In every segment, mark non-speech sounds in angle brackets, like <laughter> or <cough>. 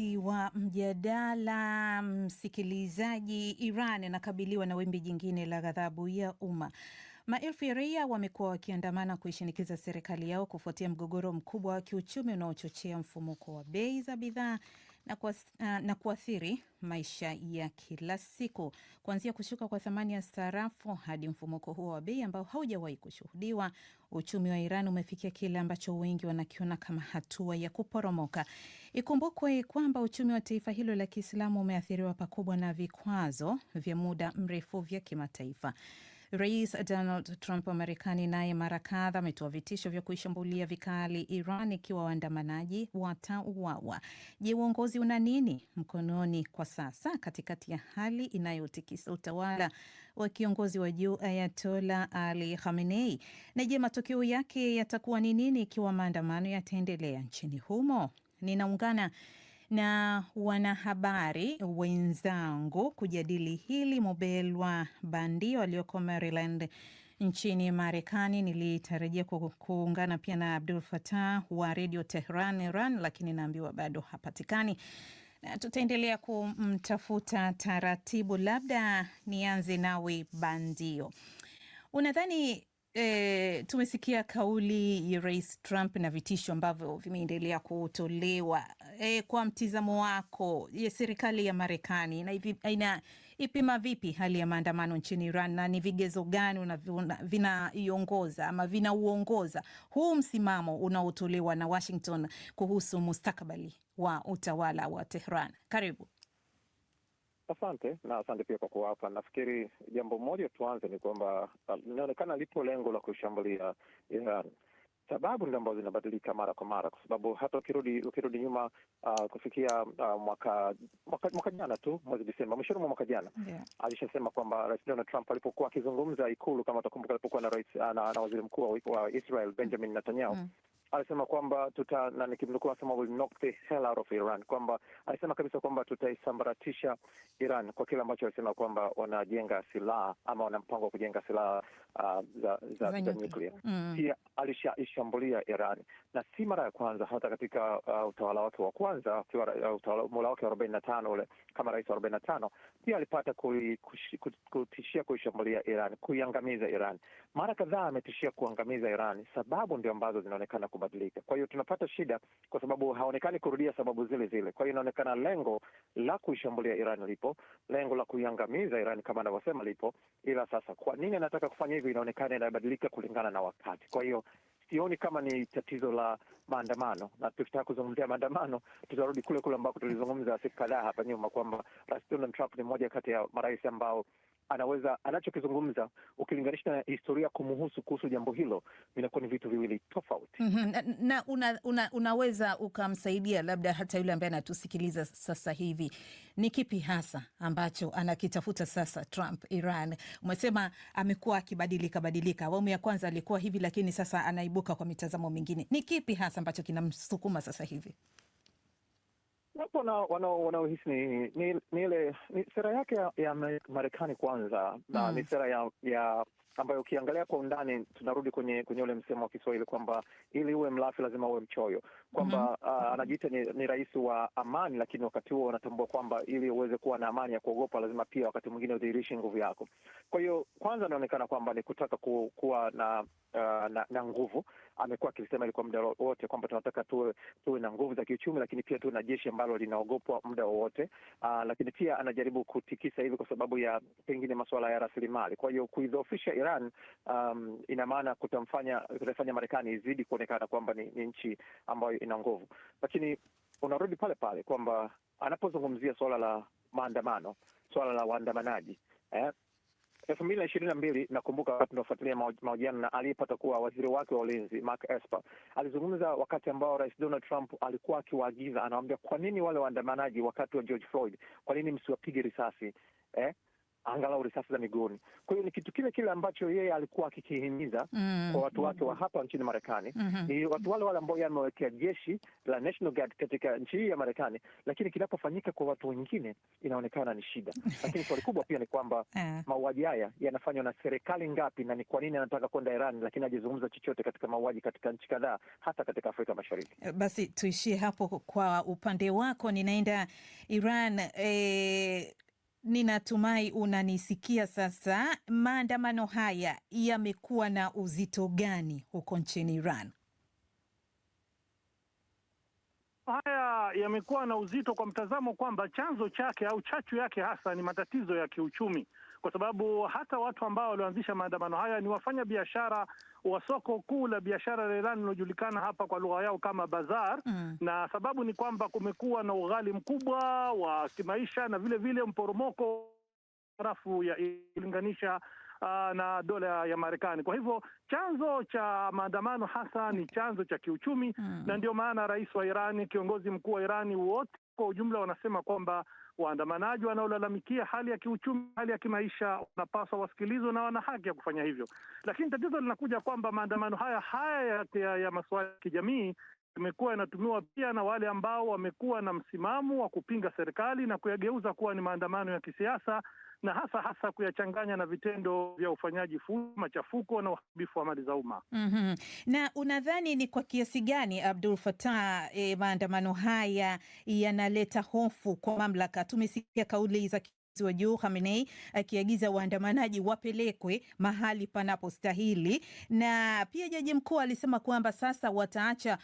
Wakati wa mjadala, msikilizaji, Iran inakabiliwa na wimbi jingine la ghadhabu ya umma. Maelfu ya raia wamekuwa wakiandamana kuishinikiza serikali yao kufuatia mgogoro mkubwa wa kiuchumi unaochochea mfumuko wa bei za bidhaa na kuathiri maisha ya kila siku, kuanzia kushuka kwa thamani ya sarafu hadi mfumuko huo wa bei ambao haujawahi kushuhudiwa. Uchumi wa Iran umefikia kile ambacho wengi wanakiona kama hatua ya kuporomoka. Ikumbukwe kwamba uchumi wa taifa hilo la Kiislamu umeathiriwa pakubwa na vikwazo vya muda mrefu vya kimataifa. Rais Donald Trump wa Marekani naye mara kadha ametoa vitisho vya kuishambulia vikali Iran ikiwa waandamanaji watauawa. Je, uongozi una nini mkononi kwa sasa katikati ya hali inayotikisa utawala wa kiongozi wa juu Ayatola Ali Khamenei? Na je, matokeo yake yatakuwa ni nini ikiwa maandamano yataendelea nchini humo? Ninaungana na wanahabari wenzangu kujadili hili. Mobelwa Bandio aliyoko Maryland nchini Marekani. Nilitarajia kuungana pia na Abdul Fatah wa redio Tehran Iran, lakini naambiwa bado hapatikani. Na tutaendelea kumtafuta taratibu. Labda nianze nawe Bandio, unadhani e, tumesikia kauli ya Rais Trump na vitisho ambavyo vimeendelea kutolewa e, kwa mtizamo wako, ya serikali ya Marekani ina, ipima vipi hali ya maandamano nchini Iran na ni vigezo gani vinaiongoza ama vinauongoza huu msimamo unaotolewa na Washington kuhusu mustakabali wa utawala wa Tehran? Karibu. Asante na asante pia kwa kuwa hapa. Nafikiri jambo moja tuanze ni kwamba uh, inaonekana lipo lengo la kushambulia Iran sababu ndio ambazo zinabadilika mara kwa mara, kwa sababu hata ukirudi ukirudi nyuma uh, kufikia uh, mwaka, mwaka mwaka jana tu mwezi disemba mwishoni mwa mwaka jana yeah, alishasema kwamba Rais Donald Trump alipokuwa akizungumza Ikulu, kama utakumbuka, alipokuwa na rais ah, na, na waziri mkuu wa Israel Benjamin Netanyahu mm alisema kwamba tuta na nikimnukuu, anasema will knock the hell out of Iran, kwamba alisema kabisa kwamba tutaisambaratisha Iran kwa kile ambacho alisema kwamba wanajenga silaha ama wana mpango wa kujenga silaha uh, za za, za nyuklia mm. Pia alishaishambulia Iran na si mara ya kwanza, hata katika uh, utawala wake wa kwanza uh, muhula wake arobaini na tano ule kama rais wa arobaini na tano pia alipata kui, kush, kutishia kuishambulia Iran, kuiangamiza Iran. Mara kadhaa ametishia kuangamiza Iran, sababu ndio ambazo zinaonekana kubadilika. Kwa hiyo tunapata shida kwa sababu haonekani kurudia sababu zile zile. Kwa hiyo inaonekana lengo la kuishambulia Iran lipo, lengo la kuiangamiza Iran kama anavyosema lipo, ila sasa kwa nini anataka kufanya hivyo inaonekana inabadilika kulingana na wakati. Kwa hiyo sioni kama ni tatizo la maandamano, na tukitaka kuzungumzia maandamano tutarudi kule kule ambako tulizungumza siku kadhaa hapa nyuma kwamba Rais Donald Trump ni mmoja kati ya marais ambao anaweza anachokizungumza ukilinganisha na historia kumuhusu kuhusu jambo hilo vinakuwa ni vitu viwili tofauti. mm -hmm. na, na una, una, unaweza ukamsaidia labda hata yule ambaye anatusikiliza sasa hivi, ni kipi hasa ambacho anakitafuta sasa Trump Iran? Umesema amekuwa akibadilika badilika, awamu ya kwanza alikuwa hivi, lakini sasa anaibuka kwa mitazamo mingine. Ni kipi hasa ambacho kinamsukuma sasa hivi? Wapo wanaohisi ni, ni, ni ile ni sera yake ya, ya Marekani kwanza na mm. ni sera ya, ya ambayo ukiangalia kwa undani tunarudi kwenye kwenye ule msemo wa Kiswahili kwamba ili uwe mlafi lazima uwe mchoyo, kwamba mm -hmm. anajiita ni, ni rais wa amani, lakini wakati huo wanatambua kwamba ili uweze kuwa na amani ya kuogopa, lazima pia wakati mwingine udhihirishi nguvu yako. Kwa hiyo kwanza anaonekana kwamba ni kutaka ku, kuwa na Uh, na, na nguvu amekuwa akisema ili kwa muda wote kwamba tunataka tuwe, tuwe na nguvu za kiuchumi, lakini pia tuwe na jeshi ambalo linaogopwa muda wowote. Uh, lakini pia anajaribu kutikisa hivi kwa sababu ya pengine masuala ya rasilimali. Kwa hiyo kuidhoofisha Iran, um, ina maana kutamfanya kutafanya Marekani izidi kuwa kuonekana kwamba ni, ni nchi ambayo ina nguvu, lakini unarudi pale pale kwamba anapozungumzia suala la maandamano, suala la waandamanaji eh? elfu mbili na ishirini na mbili nakumbuka wakati unaofuatilia mahojiano na aliyepata kuwa waziri wake wa ulinzi Mark Esper alizungumza wakati ambao rais Donald Trump alikuwa akiwaagiza, anawambia kwa nini wale waandamanaji wakati wa George Floyd, kwa nini msiwapige risasi eh? angalau risasi za miguuni. Kwa hiyo ni kitu kile kile ambacho yeye alikuwa akikihimiza mm. kwa watu wake wa hapa nchini Marekani mm -hmm. ni watu wale wale ambao yeye amewekea jeshi la National Guard katika nchi hii ya Marekani, lakini kinapofanyika kwa watu wengine inaonekana ni shida. <laughs> Lakini swali kubwa pia ni kwamba eh. mauaji haya yanafanywa na serikali ngapi, na ni kwa nini anataka kwenda Iran lakini hajazungumza chochote katika mauaji katika nchi kadhaa, hata katika Afrika Mashariki. Eh, basi tuishie hapo kwa upande wako, ninaenda Iran. E, Ninatumai unanisikia sasa. Maandamano haya yamekuwa na uzito gani huko nchini Iran? Haya yamekuwa na uzito kwa mtazamo kwamba chanzo chake au chachu yake hasa ni matatizo ya kiuchumi, kwa sababu hata watu ambao walioanzisha maandamano haya ni wafanya biashara wa soko kuu la biashara la Iran linaojulikana hapa kwa lugha yao kama bazar mm. Na sababu ni kwamba kumekuwa na ughali mkubwa wa kimaisha na vile vile mporomoko rafu ya uh, na dola ya Marekani. Kwa hivyo chanzo cha maandamano hasa ni chanzo cha kiuchumi mm. Na ndio maana rais wa Irani, kiongozi mkuu wa Irani wote kwa ujumla wanasema kwamba waandamanaji wanaolalamikia hali ya kiuchumi, hali ya kimaisha, wanapaswa wasikilizwe na wana haki ya kufanya hivyo. Lakini tatizo linakuja kwamba maandamano haya haya ya, ya masuala ya kijamii imekuwa inatumiwa pia na wale ambao wamekuwa na msimamo wa kupinga serikali na kuyageuza kuwa ni maandamano ya kisiasa na hasa hasa kuyachanganya na vitendo vya ufanyaji fujo, machafuko na uharibifu wa mali za umma. mm -hmm. Na unadhani ni kwa kiasi gani Abdul Fatah, e, eh, maandamano haya yanaleta hofu kwa mamlaka? Tumesikia kauli za wa juu Khamenei akiagiza waandamanaji wapelekwe mahali panapostahili. Na pia jaji mkuu alisema kwamba sasa wataacha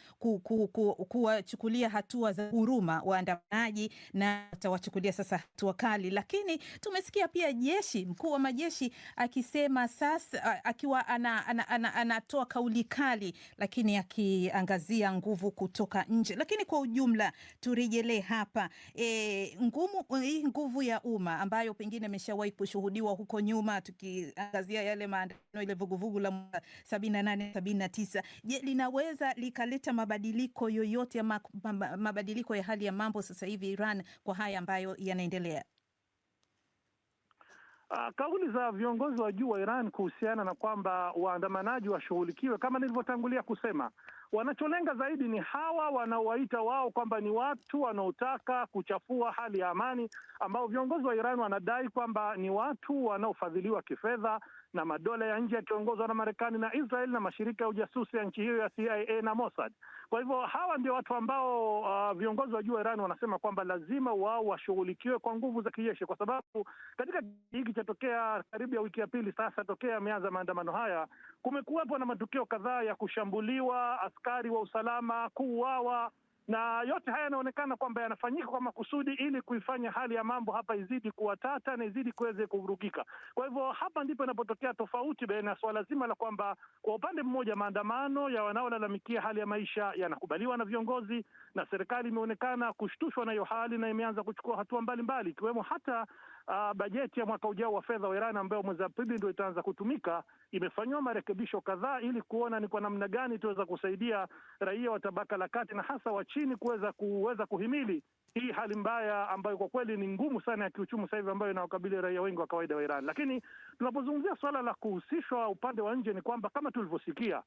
kuwachukulia ku, ku, hatua za huruma waandamanaji na watawachukulia sasa hatua kali, lakini tumesikia pia jeshi mkuu wa majeshi akisema sasa, akiwa anatoa ana, ana, ana, ana kauli kali, lakini akiangazia nguvu kutoka nje. Lakini kwa ujumla turejelee hapa e, ngumu, nguvu ya umma ambayo pengine imeshawahi kushuhudiwa huko nyuma, tukiangazia yale maandamano, ile vuguvugu la mwaka sabini na nane sabini na tisa. Je, linaweza likaleta mabadiliko yoyote ama mabadiliko ya hali ya mambo sasa hivi Iran kwa haya ambayo yanaendelea? Uh, kauli za viongozi wa juu wa Iran kuhusiana na kwamba waandamanaji washughulikiwe kama nilivyotangulia kusema Wanacholenga zaidi ni hawa wanaowaita wao kwamba ni watu wanaotaka kuchafua hali ya amani, ambao viongozi wa Iran wanadai kwamba ni watu wanaofadhiliwa kifedha na madola ya nje yakiongozwa na Marekani na Israel na mashirika ya ujasusi ya nchi hiyo ya CIA na Mossad. Kwa hivyo hawa ndio watu ambao uh, viongozi wa juu wa Iran wanasema kwamba lazima wao washughulikiwe kwa nguvu za kijeshi, kwa sababu katika hiki chatokea karibu ya wiki ya pili sasa tokea ameanza maandamano haya, kumekuwepo na matukio kadhaa ya kushambuliwa askari wa usalama kuuawa, na yote haya yanaonekana kwamba yanafanyika kwa makusudi ili kuifanya hali ya mambo hapa izidi kuwa tata na izidi kuweze kuvurugika. Kwa hivyo hapa ndipo inapotokea tofauti baina ya suala zima la kwamba kwa upande mmoja maandamano ya wanaolalamikia hali ya maisha yanakubaliwa na viongozi na serikali imeonekana kushtushwa na hiyo hali na imeanza kuchukua hatua mbalimbali ikiwemo hata uh, bajeti ya mwaka ujao wa fedha wa Iran ambayo mwezi Aprili ndio itaanza kutumika imefanyiwa marekebisho kadhaa ili kuona ni kwa namna gani tuweza kusaidia raia wa tabaka la kati na hasa wa chini kuweza kuweza kuhimili hii hali mbaya ambayo kwa kweli ni ngumu sana ya kiuchumi sasa hivi ambayo inawakabili raia wengi wa kawaida wa Iran. Lakini tunapozungumzia suala la kuhusishwa upande wa nje, ni kwamba kama tulivyosikia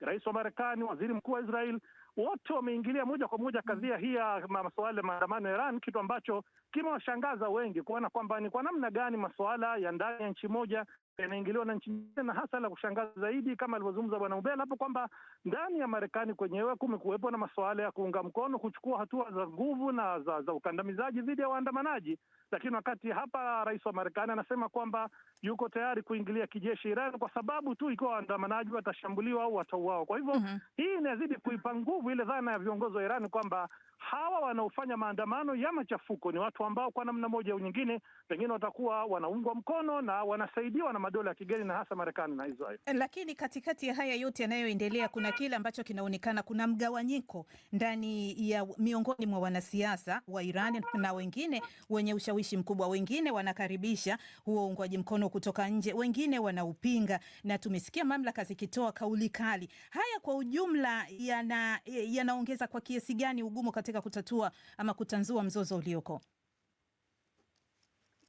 rais wa Marekani, waziri mkuu wa Israel wote wameingilia moja kwa moja kadhia mm. hii ya masuala ya maandamano ya Iran, kitu ambacho kimewashangaza wengi kuona kwamba ni kwa namna gani masuala ya ndani ya nchi moja yanaingiliwa na nchi nyingine, na hasa la kushangaza zaidi kama alivyozungumza Bwana Ubela hapo kwamba ndani ya Marekani kwenyewe kumekuwepo na masuala ya kuunga mkono kuchukua hatua za nguvu na za, za ukandamizaji dhidi ya waandamanaji lakini wakati hapa rais wa Marekani anasema kwamba yuko tayari kuingilia kijeshi Iran kwa sababu tu ikiwa waandamanaji watashambuliwa au watauawa. Kwa hivyo mm -hmm. hii inazidi kuipa nguvu ile dhana ya viongozi wa Iran kwamba hawa wanaofanya maandamano ya machafuko ni watu ambao kwa namna moja au nyingine pengine watakuwa wanaungwa mkono na wanasaidiwa na madola ya kigeni na hasa Marekani na Israel. Eh, lakini katikati ya haya yote yanayoendelea, kuna kile ambacho kinaonekana kuna mgawanyiko ndani ya miongoni mwa wanasiasa wa Iran na wengine wenye ushawishi mkubwa. Wengine wanakaribisha huo uungwaji mkono kutoka nje, wengine wanaupinga, na tumesikia mamlaka zikitoa kauli kali. Haya kwa ujumla eh, yanaongeza yana kwa kiasi gani ugumu katika katika kutatua ama kutanzua mzozo ulioko?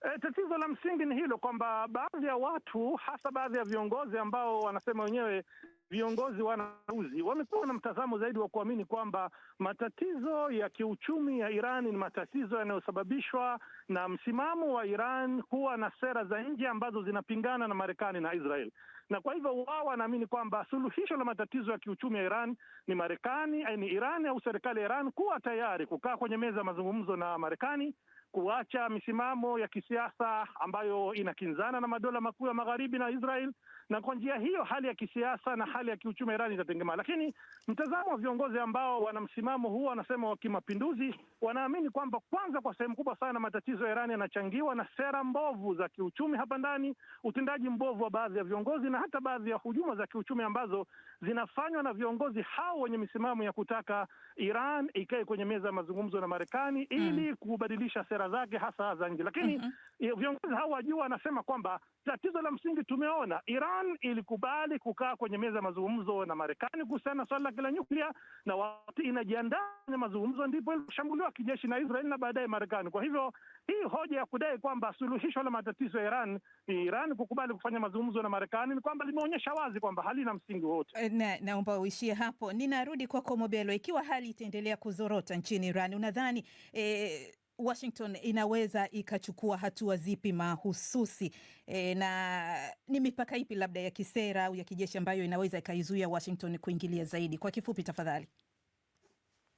E, tatizo la msingi ni hilo kwamba baadhi ya watu hasa baadhi ya viongozi ambao wanasema wenyewe viongozi wanauzi wamekuwa na mtazamo zaidi wa kuamini kwamba matatizo ya kiuchumi ya Iran ni matatizo yanayosababishwa na msimamo wa Iran kuwa na sera za nje ambazo zinapingana na Marekani na Israel, na kwa hivyo wao wanaamini kwamba suluhisho la matatizo ya kiuchumi ya Iran ni Marekani, eh, ni Iran au serikali ya Iran kuwa tayari kukaa kwenye meza ya mazungumzo na Marekani kuacha misimamo ya kisiasa ambayo inakinzana na madola makuu ya magharibi na Israel na kwa njia hiyo hali ya kisiasa na hali ya kiuchumi ya Irani itatengemaa. Lakini mtazamo wa viongozi ambao wana msimamo huo, wanasema wa kimapinduzi, wanaamini kwamba kwanza, kwa sehemu kubwa sana matatizo ya Irani yanachangiwa na sera mbovu za kiuchumi hapa ndani, utendaji mbovu wa baadhi ya viongozi na hata baadhi ya hujuma za kiuchumi ambazo zinafanywa na viongozi hao wenye misimamo ya kutaka Iran ikae kwenye meza ya mazungumzo na Marekani ili mm. kubadilisha sera zake hasa za nje, lakini mm -hmm. viongozi hao wajua wanasema kwamba Tatizo la msingi tumeona Iran ilikubali kukaa kwenye meza ya mazungumzo na Marekani kuhusiana na swala lake la nyuklia, na wakati inajiandaa kwenye mazungumzo ndipo iliposhambuliwa kijeshi na Israel na baadaye Marekani. Kwa hivyo hii hoja ya kudai kwamba suluhisho la matatizo ya Iran ni Iran kukubali kufanya mazungumzo na Marekani ni kwamba limeonyesha wazi kwamba halina msingi wote. Eh, na naomba uishie hapo, ninarudi kwako Mobelo. Ikiwa hali itaendelea kuzorota nchini Iran, unadhani eh, Washington inaweza ikachukua hatua zipi mahususi e, na ni mipaka ipi labda ya kisera au ya kijeshi ambayo inaweza ikaizuia Washington kuingilia zaidi? Kwa kifupi tafadhali.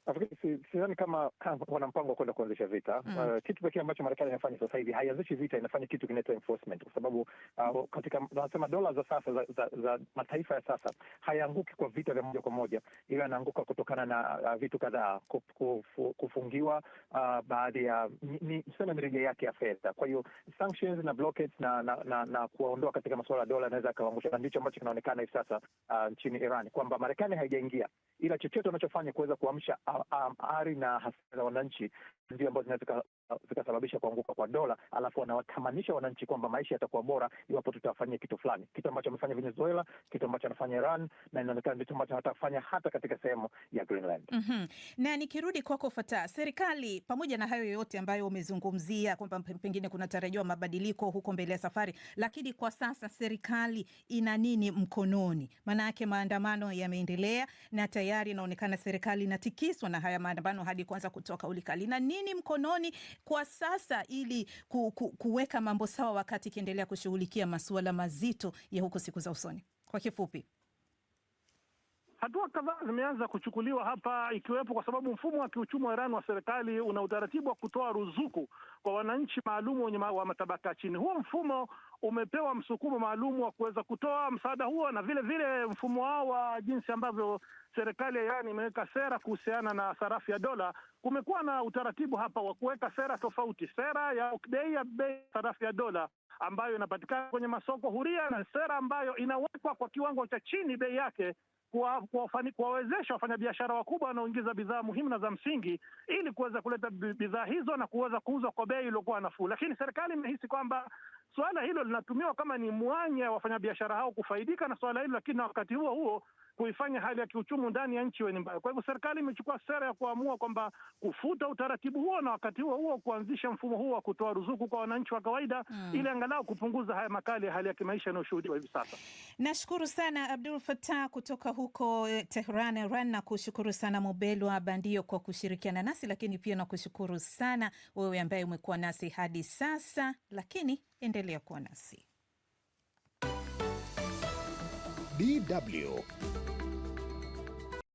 Nafikiri sidhani kama <clears throat> wana mpango wa kwenda kuanzisha vita mm. Uh, kitu pekee ambacho Marekani inafanya sasa hivi haianzishi vita, inafanya kitu kinaitwa enforcement, kwa sababu uh, katika nasema dola za sasa za, za, za mataifa ya sasa hayaanguki kwa vita vya moja kwa moja, ila yanaanguka kutokana na uh, vitu kadhaa, kufu, kufungiwa uh, baadhi ya tuseme mirija yake ya fedha. Kwa hiyo sanctions na blockades na, na, na, na kuwaondoa katika masuala ya dola anaweza akawangusha na ndicho ambacho kinaonekana hivi sasa uh, nchini Iran kwamba Marekani haijaingia, ila chochote wanachofanya kuweza kuamsha ari na hasa za wananchi ndio ambazo zinaweza zikasababisha kuanguka kwa dola, alafu wanawatamanisha wananchi kwamba maisha yatakuwa bora iwapo tutawafanyia kitu fulani, kitu ambacho amefanya Venezuela, kitu ambacho anafanya Iran na inaonekana ndicho ambacho watafanya hata katika sehemu ya Greenland. mm -hmm. Na nikirudi kwako Fata, serikali pamoja na hayo yote ambayo umezungumzia kwamba pengine kunatarajiwa mabadiliko huko mbele ya safari, lakini kwa sasa serikali ina nini mkononi? Maana maandamano yameendelea na tayari inaonekana serikali inatikiswa na haya maandamano hadi kuanza kutoa kauli kali, na nini mkononi kwa sasa ili ku, ku, kuweka mambo sawa wakati ikiendelea kushughulikia masuala mazito ya huko siku za usoni? Kwa kifupi hatua kadhaa zimeanza kuchukuliwa hapa, ikiwepo kwa sababu mfumo wa kiuchumi wa Iran wa serikali una utaratibu wa kutoa ruzuku kwa wananchi maalum wenye wa matabaka ya chini. Huo mfumo umepewa msukumo maalum wa kuweza kutoa msaada huo, na vile vile mfumo wao wa jinsi ambavyo serikali ya Iran imeweka sera kuhusiana na sarafu ya dola kumekuwa na utaratibu hapa wa kuweka sera tofauti, sera ya bei ya bei sarafu ya dola ambayo inapatikana kwenye masoko huria na sera ambayo inawekwa kwa kiwango cha chini bei yake kuwawezesha wafanyabiashara wakubwa wanaoingiza bidhaa muhimu na za msingi ili kuweza kuleta bidhaa hizo na kuweza kuuzwa kwa bei iliyokuwa nafuu. Lakini serikali imehisi kwamba suala hilo linatumiwa kama ni mwanya wa wafanyabiashara hao kufaidika na suala hilo, lakini na wakati huo huo kuifanya hali ya kiuchumi ndani ya nchi iwe mbaya. Kwa hivyo serikali imechukua sera ya kuamua kwamba kufuta utaratibu huo na wakati huo huo kuanzisha mfumo huo wa kutoa ruzuku kwa wananchi wa kawaida mm, ili angalau kupunguza haya makali ya hali ya kimaisha yanayoshuhudiwa hivi sasa. Nashukuru sana Abdul fatah kutoka huko eh, Tehran, Iran, na kushukuru sana Mubelwa Bandio kwa kushirikiana nasi, lakini pia nakushukuru sana wewe ambaye umekuwa nasi hadi sasa, lakini endelea kuwa nasi DW